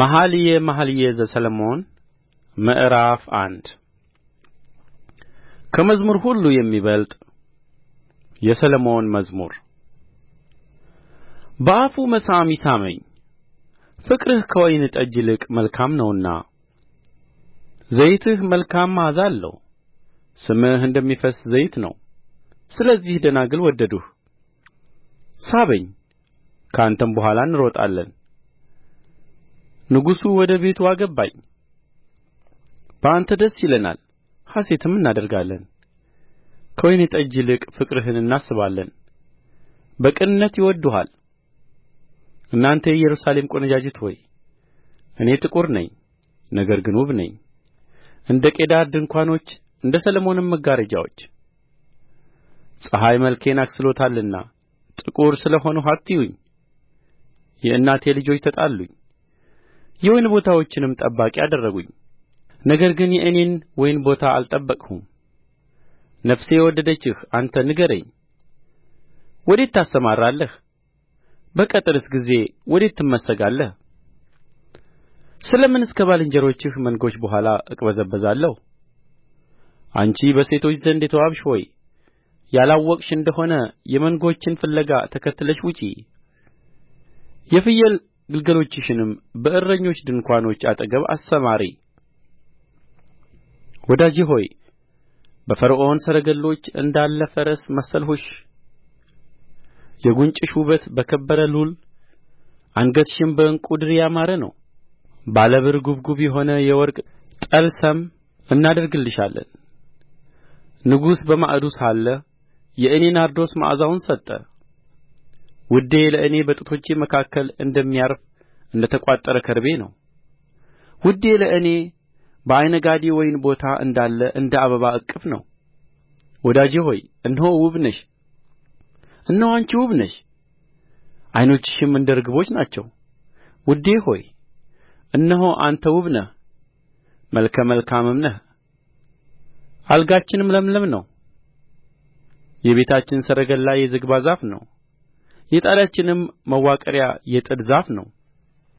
መኃልየ መኃልይ ዘሰሎሞን ምዕራፍ አንድ ከመዝሙር ሁሉ የሚበልጥ የሰሎሞን መዝሙር በአፉ መሳም ይሳመኝ ፍቅርህ ከወይን ጠጅ ይልቅ መልካም ነውና ዘይትህ መልካም መዓዛ አለው ስምህ እንደሚፈስስ ዘይት ነው ስለዚህ ደናግል ወደዱህ ሳበኝ ከአንተም በኋላ እንሮጣለን ንጉሡ ወደ ቤቱ አገባኝ በአንተ ደስ ይለናል ሐሤትም እናደርጋለን ከወይን ጠጅ ይልቅ ፍቅርህን እናስባለን በቅንነት ይወድዱሃል እናንተ የኢየሩሳሌም ቈነጃጅት ሆይ እኔ ጥቁር ነኝ ነገር ግን ውብ ነኝ እንደ ቄዳር ድንኳኖች እንደ ሰሎሞንም መጋረጃዎች ፀሐይ መልኬን አክስሎታልና ጥቁር ስለ ሆንሁ አትዩኝ የእናቴ ልጆች ተጣሉኝ የወይን ቦታዎችንም ጠባቂ አደረጉኝ ነገር ግን የእኔን ወይን ቦታ አልጠበቅሁም ነፍሴ የወደደችህ አንተ ንገረኝ ወዴት ታሰማራለህ በቅትርስ ጊዜ ወዴት ትመስጋለህ ስለ ምንስ ከባልንጀሮችህ መንጎች በኋላ እቅበዘበዛለሁ አንቺ በሴቶች ዘንድ የተዋብሽ ሆይ ያላወቅሽ እንደ ሆነ የመንጎችን ፍለጋ ተከትለሽ ውጪ የፍየል ግልገሎችሽንም በእረኞች ድንኳኖች አጠገብ አሰማሪ ወዳጄ ሆይ በፈርዖን ሰረገሎች እንዳለ ፈረስ መሰልሁሽ የጕንጭሽ ውበት በከበረ ሉል አንገትሽም በዕንቍ ድሪ ያማረ ነው ባለ ብር ጕብጕብ የሆነ የወርቅ ጠልሰም እናደርግልሻለን ንጉሥ በማዕዱ ሳለ የእኔ ናርዶስ መዓዛውን ሰጠ ውዴ ለእኔ በጡቶቼ መካከል እንደሚያርፍ እንደ ተቋጠረ ከርቤ ነው ውዴ ለእኔ በዓይንጋዲ ወይን ቦታ እንዳለ እንደ አበባ እቅፍ ነው ወዳጄ ሆይ እነሆ ውብ ነሽ እነሆ አንቺ ውብ ነሽ ዓይኖችሽም እንደ ርግቦች ናቸው ውዴ ሆይ እነሆ አንተ ውብ ነህ መልከ መልካምም ነህ አልጋችንም ለምለም ነው የቤታችን ሰረገላ የዝግባ ዛፍ ነው የጣሪያችንም መዋቅሪያ የጥድ ዛፍ ነው